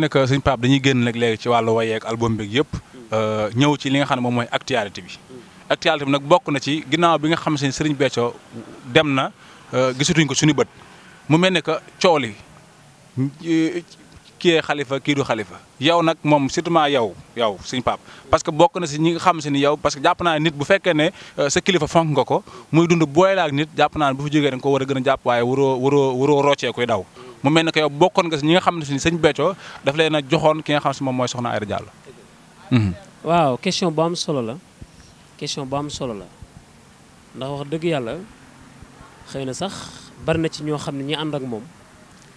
ne que suñ Pape dañuy génn nag léegi ci wàllu wayeek album beeg yëpp mm. euh, ñëw ci li nga xam ne moom mooy actualité bi mm. actualité bi nag bokk na ci ginnaaw bi nga xam ne Serigne Béthio dem na euh, gisatuñ ko suñu bët mu mel ne que coow li euh, kii xalifa kii xalifa yow nag moom surtout yow yow suñ Pape parce que bokk na si ñi nga xam si ni parce que jàpp naa nit bu fekkee ne sa kilifa fonk nga ko muy dund booy la nit jàpp naa ne bu fi jógee da ko war a gën a jàpp waaye waroo waroo waroo roccee koy daw mu mel ne que yow bokkoon nga si ñi nga xam ne si sëñ Béthio daf leen a joxoon ki nga xam si moom mooy soxna Aida Diallo. Mhm. waaw question bu am solo la question bu am solo la ndax wax dëgg yàlla xëy na sax bari na ci ñoo xam ne ñi ànd ak moom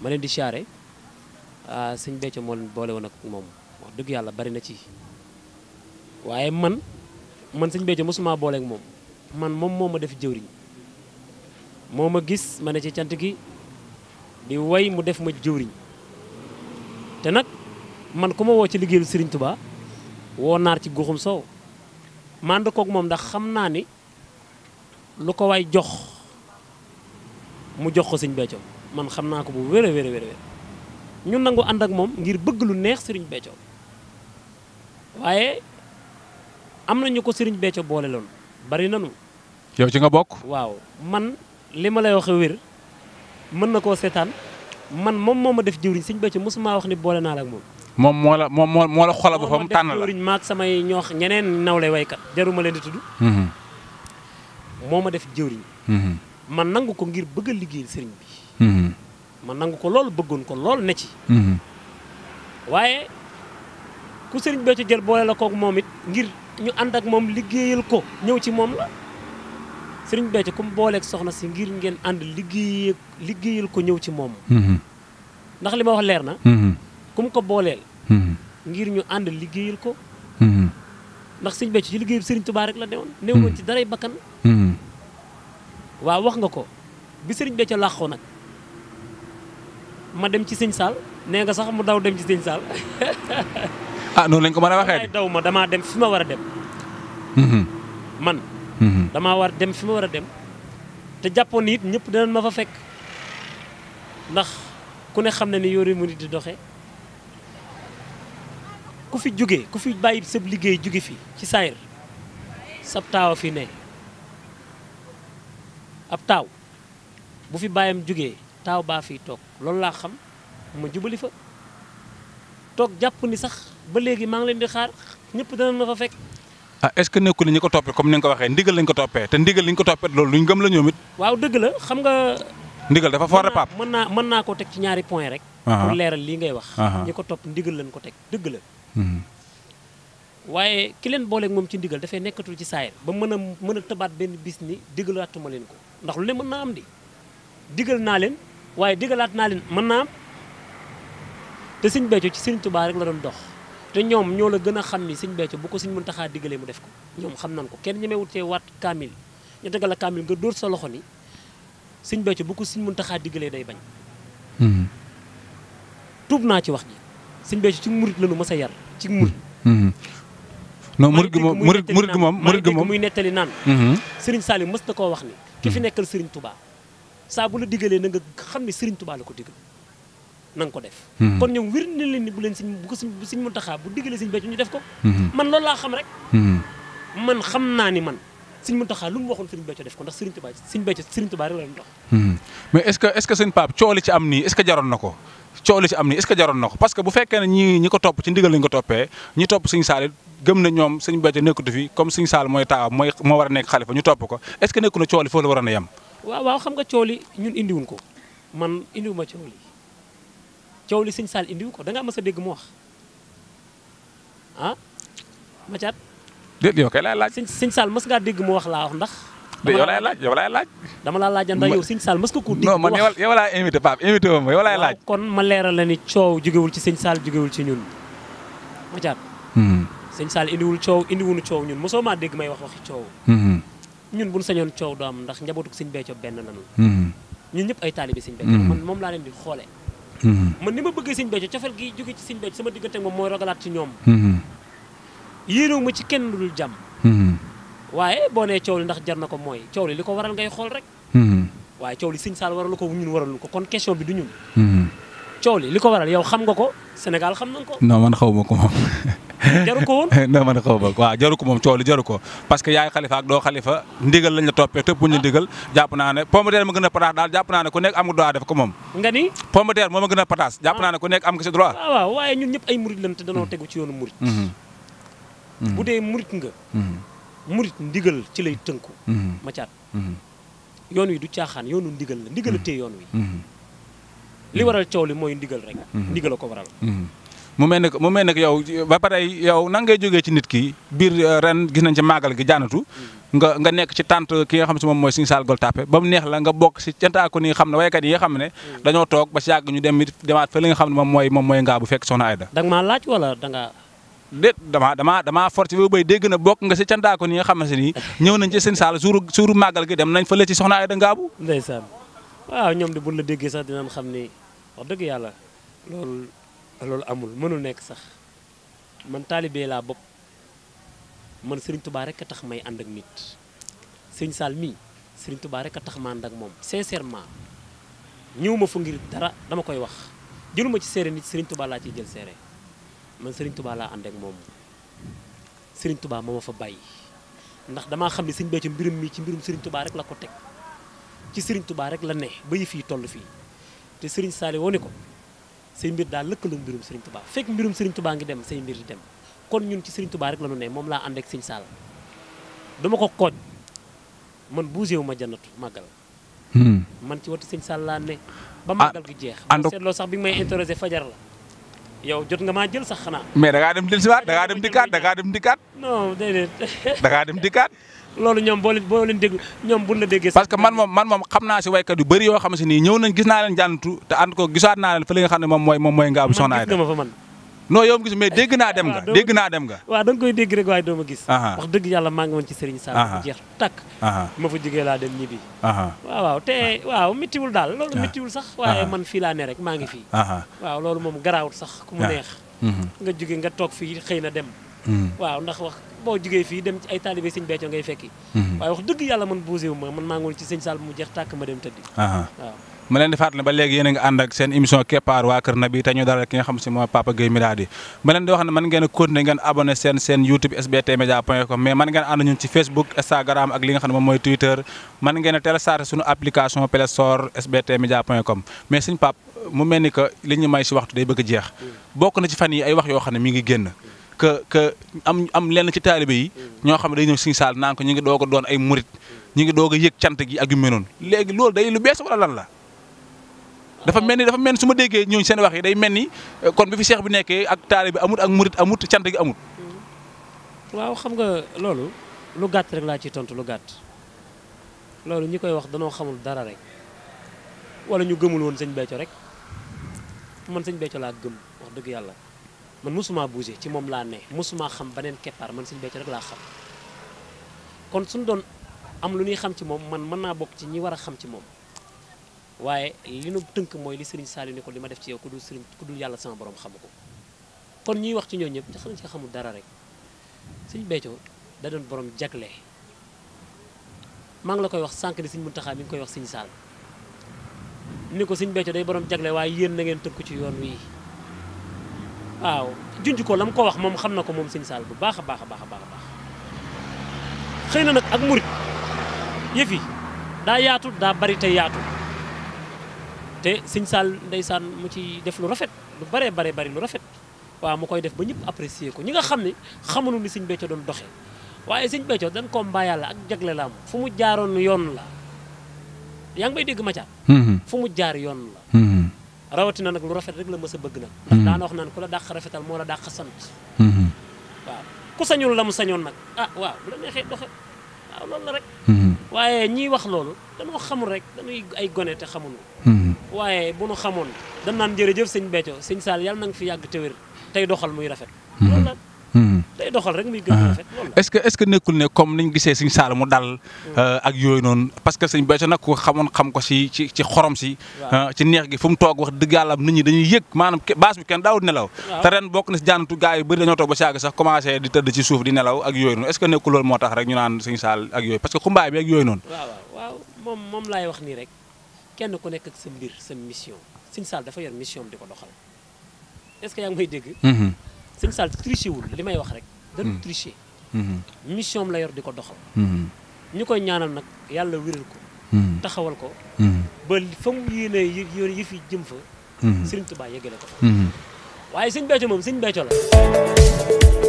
ma leen di siyaare ah, sëñ Béthio moo leen boole woon ak moom wax dëgg yàlla bari na ci waaye man man sëñ Béthio mosuma booleek moom man moom moo ma def jëwriñ moo ma gis ma ne ci cant gi. di way mu def ma jëwriñ te nag man ku ma woo ci liggéeyu Serigne Touba woo naar ci goxum soow mànd koog moom ndax xam naa ni lu ko waay jox mu jox ko Serigne Béthio man xam naa ko bu wér a wér a ñun nangu ànd ak moom ngir bëgg lu neex Serigne Béthio waaye am na ñu ko Serigne Béthio boole loon bari nanu yow ci nga bokk waaw man li ma lay waxe wér mën na koo seetaan man moom moo ma def jëwriñ sëñ Béthio mosuma wax ni boole naa la ak moom. moom moo la moom moo moo la xoolal boppam tànn la jëwriñ maag samay ñoox ñeneen nawle waykat jaruma leen di tudd. Mm-hmm. moo ma def jëwriñ. Mm-hmm. man nangu ko ngir bëgg a liggéeyal sëriñ bi. Mm-hmm. man nangu ko lool bëggoon ko lool ne ci. waaye ku sëriñ Béthio jël boole la kook moom it ngir ñu ànd ak moom liggéeyal ko ñëw ci moom la. sëriñ Béthio ku mu booleeg soxna si ngir ngeen ànd liggéey liggéeyal ko ñëw ci moom. Mm-hmm. ndax li ma wax leer na. Mm-hmm. ku ko booleel. Mm-hmm. ngir ñu ànd liggéeyal ko. ndax sëñ Béthio ci liggéey bi sëriñ tubaar rek la newoon. newoon ci daray bakkan. wax nga ko bi sëriñ Béthio làqoo nag ma dem ci sëñ Saal nee nga sax mu daw dem ci sëñ ah, noonu lañ ko mën a waxee. daw ma damaa dem fi ma war a dem. man. Mhm. damaa war dem fi ma war a dem te jàppoon it ñëpp danañ ma fa fekk ndax ku ne xam na ni yoori mu di doxe ku fi jóge ku fi bàyyi sab liggéey jóge fi ci saayir sab taaw a fi ne ab taaw bu fi bàyyam jógee taaw baa fi toog loolu laa xam mu ma jubali fa toog jàpp ni sax ba léegi maa ngi leen di xaar ñépp danañ ma fa fekk ah est-ce que nekkul ni ñu ko toppee comme ni nga ko waxee ndigal lañ ko toppee te ndigal liñ ko toppee loolu luñ gëm la ñoom waaw dëgg la xam nga. ndigal dafa fort pap mën naa mën naa ko teg ci ñaari point rek. Ah. pour leeral lii ngay wax. Ah. ñi ko topp ndigal leen ko teg dëgg la. Mhm. waaye ki leen booleeg moom ci ndigal dafay nekkatul ci saayir ba mën a mën a tëbaat benn bis ni digalaatuma leen ko ndax lu ne mën naa am di digal naa leen waaye digalaat naa leen mën naa te sëñ Béthio ci sëñ Tuubaa rek la dox te ñoom ñoo la gën a xam ni sëñ Béthio bu ko sëñ taxaa diggalee mu def ko ñoom xam nañ ko kenn ñemewut cee waat kaamil ñu tegal la kaamil nga dóor sa loxo ni sëñ Béthio bu ko sëñ Muntaxa diggalee day bañ hmm. tuub naa ci wax ji sëñ Béthio ci murit la nu mas a yar ci murit hmm. Hmm. non murit gi moom murit murit gi moom murit gi muy nettali naan sëriñ Saliou mës na koo wax ni ki fi nekkal sëriñ tubaa saa bu la diggalee na xam ni sëriñ tubaa la ko diggal na nga ko def hmm. kon ñoom wir na leen ni bu leen siñ bu ko siñ siñ Muntaxa bu diggalee siñ beccu ñu def ko hmm. man loolu laa xam rek hmm. man xam naa ni man siñ Muntaxa lu mu waxoon sëriñ beccu def ko ndax sëriñ Tuubaa siñ beccu sëriñ ne ñoom sëñ Béthio nekkatu fi comme sëñ Saal mooy taaw mooy moo war a nekk xalifa ñu topp ko est-ce que nekku foofu la waroon a yem waaw waaw xam nga coow ñun indiwuñ ko man indiwuma coow coow li sëñ Saal indiwu ko danga ngaa mës a dégg mu wax ah Mathiat. yow kay laay laaj. sëñ sëñ Saal mës ngaa dégg mu wax laa wax ndax. déet yow laay laaj yow laay laaj. dama laa laaj ndax yow sëñ Saal mës nga ko dégg. non man laa invité Pape invité ma yow laay laaj. kon ma leeral la ni coow jógewul ci sëñ Saal jógewul ci ñun Mathiat. Hmm. sëñ Saal indiwul coow indiwunu coow ñun mosoo maa dégg may wax waxi coow. Hmm. ñun bu sa sañoon coow du am ndax njabootu sëñ Béthio benn lañu. Hmm. ñun ñëpp ay taalibe xoolee Mm-hmm. man ni ma bëggee sëñ Béthio cofeel gi jóge ci siñ Béthio sama diggante moom mooy rogalaat ci ñoom mm-hmm. yéenewu ma ci kenn lu dul jàmm mm-hmm. waaye boo nee coow li ndax jar na ko mooy coow li li ko waral ngay xool rek waaye coow li sëñ Saal waralu ko ñun waralu ko kon question bi du ñun coow li li ko waral yow xam nga ko Sénégal xam nañ ko non man xaw ma ko moom jaru ko woon. non man xaw ma waaw jaru ko moom coow li jaru ko parce que yaay xalifa ak doo xalifa ndigal lañ la toppee tëpp ñu ndigal jàpp naa ne pomme de terre ma gën a pataas daal ko moom. nga ni a gën a pataas. jàpp ah. naa ne nekk am nga droit. Ah, waaw waaye ñun ñëpp ay murit lañ te danoo mm-hmm. tegu ci yoonu murit. Mm-hmm. Mm-hmm. bu dee murit nga. murit ndigal ci lay tënku. ma caat. yoon wi du caaxaan yoonu ndigal la ndigal a téye yoon wi. li waral coow li mooy ndigal rek. ndigal la ko waral. mu mel ne mu mel ne yow ba pare yow nan ngay jógee ci nit ki biir euh, ren gis nañ ci màggal gi jaanatu mm. nga nga nekk ci tant ki nga xam si moom mooy Serigne Saliou Gueule Tapée ba mu neex la nga bokk cantaa ko ne waykat yi nga xam ne mm. dañoo toog ba si yàgg ñu dem it demaat fa li nga xam ne moom mooy moom mooy ngaa bu fekk soxna Aida da nga maa laaj wala da nga déet damaa damaa damaa forti ba béy dégg na bokk nga si cantaa ko nii nga xam ne si nii ñëw nañ ci Serigne Saliou suuru suuru màggal nañ fële ci soxna Aida ngaabu ndeysaan waaw ñoom di buñ la déggee sax dinañ xam ne wax dëgg yàlla loolu amul mënul nekk sax man taalibe laa bopp man sëriñ tubaa rek a tax may ànd ak nit sëñ Saal mii sëriñ tubaa rek a tax ma ànd ak moom sincèrement ñëw ma fu ngir dara dama koy wax jëluma ci seere nit sëriñ tubaa laa ciy jël seere man sëriñ tubaa laa ànd ak sëriñ tubaa moo ma fa bàyyi ndax damaa xam ne sëñ Béthio mbirum mii ci mbirum sëriñ tubaa rek la ko teg ci sëriñ tubaa rek la ne ba fii toll fii te sëriñ Saali wone ko say mbir daal lëkkaloo mbirum Serigne Touba fekk mbirum Serigne Touba ngi dem say mbir di dem kon ñun ci Serigne Touba rek la ñu ne moom laa ànd ak Serigne Sall dama ko kooj man bougé wu ma jannatu màggal hmm. man ci wattu sëñ Sall laa ne ba ah, màggal gi jeex boo seetloo sax bi may interroger fajar la yow jot nga maa jël sax xanaa. mais da ngaa dem jël si waat da ngaa dem dikkaat da ngaa dem dikkaat. non déedéet. da ngaa dem dikkaat. loolu ñoom boo leen boo parce que man moom xam naa si waykat yu bëri yoo xam si nii ñëw nañ gis naa leen jàntu te ànd ko gisaat naa leen fa xam ne moom mooy moom mooy nga am soxnaay. non yow gis mais dégg naa dem nga dégg naa dem nga waaw da koy dégg rek waaye doo gis wax dëgg yàlla maa ngi woon ci Serigne Sall takk ma fa jógee laa dem ñibbi waaw waaw te waaw méttiwul daal loolu sax waaye man fii laa ne rek maa ngi fii waaw loolu moom garaawut sax ku mu neex mhm. nga jóge nga toog fii xëy na dem mhm. waaw ndax wax boo jógee fii dem ci ay taalibe sëñ Béthio ngay fekki mhm. waaye wax dëgg yàlla man bougé wu ma man maa ngi woon ci sëñ saal mu jeex tàkk ma dem tëddi waaw ma leen di fàttali ba léegi yéen a ngi ànd ak seen émission keppaar waa Kër Nabi te dalal ki nga xam si mooy Papa Gueye Miradi ma leen di wax ne man ngeen a continuer ngeen abonné seen seen YouTube SBT Media point com mais man ngeen ànd ñun ci Facebook Instagram ak li nga xam mooy Twitter man ngeen a télécharger suñu application Play Store SBT Media point com mais suñ pap mu mel ni que li ñu may si waxtu day bëgg jeex bokk na ci fan yi ay wax yoo xam ne mi ngi génn am am lenn ci taalibe yi xam ne day ñëw Sëñ Saal ñu ngi doog a doon ngi doog a cant gi ak yu mel noonu léegi loolu day la dafa mel ni dafa mel ni su ma déggee ñooñu seen wax yi day mel ni euh, kon bi fi seex bi nekkee ak taali bi amut ak murit amut cant gi amut. Mm. waaw xam nga loolu lu gàtt rek laa ci tontu lu gàtt loolu ñi koy wax danoo xamul dara rek walla ñu gëmul woon sëñ Béthio rek man sëñ Béthio laa gëm wax dëgg yàlla man mosuma bougé ci moom laa ne mosuma xam beneen keppaar man sëñ Béthio rek laa xam kon suñu doon am lu ñuy xam ci moom man mën naa bokk ci ñi war a xam ci moom. waaye li nu tënk mooy li Serigne saali ne ko li ma def ci yow ku dul Serigne ku dul yàlla sama borom xamu ko kon ñuy wax ci ñoo ñëpp sax nañ xamul dara rek Serigne Béthio da doon borom jagle maa ngi la koy wax sànq ni Serigne Mountakha mi ngi koy wax Serigne saal ni ko Serigne Béthio day boroom jagle waaye yéen na ngeen tënk ci yoon wii waaw junj ko la mu ko wax moom xam na ko moom sëñ saal bu baax a baax a baax a baax xëy na nag ak murit yëf daa yaatu daa bari te yaatu. te sëñ Saal ndeysaan mu ci def lu rafet lu bare bare bari lu rafet waaw mu koy def ba ñëpp apprécier ko ñi nga xam ne xamuñu ni sëñ Béthio doon doxee waaye sëñ Béthio dañ ko mbaa yàlla ak jagle laa am fu mu yoon la yaa ngi may dégg Matia. Mm-hmm. fu mu jaar yoon la. Mm-hmm. rawatina nag lu rafet rek la mës a bëgg nag. ndax mm-hmm. daana wax naan ku la dàq rafetal moo la dàq sant. waaw ku sañul la mu sañoon nag ah waaw bu la neexee doxe waaw loolu la rek. waaye ñiy wax loolu dañoo xamul rek dañuy ay gone te xamuñu hmm. waaye bu nu xamoon dañ naan jërëjëf sëñ Béthio sëñ saal yàlla na nga fi yàgg te tey doxal muy rafet hmm. day doxal rek muy est-ce que nekkul ne comme niñ gisee suñ saal mu dal euh, ak yooyu noonu parce que suñ ko xamoon xam ko ci xorom si euh, ci neex gi fu mu toog wax dëgg yàlla nit ñi dañuy yëg maanaam baas bi kenn daawul nelaw te ren bokk na si di tëdd ci suuf di nelaw ak yooyu noonu saal ak yooyu parce xumbaay bi ak yooyu noonu moom moom wax nii rek kenn ku nekk sa mbir sa mission Sëñ Saal dafa yor mission di ko doxal est yaa ngi may dégg. Sëñ Saal triché li may wax rek dañu hmm. tricher. Hmm. mission la yor di ko doxal. Hmm. ñu koy ñaanal nag yàlla wéral ko. taxawal ko. ba fa mu yéenee yi yi fi jëm fa. Serigne Touba yeggale ko fa. waaye Serigne Béthio moom Serigne Béthio la.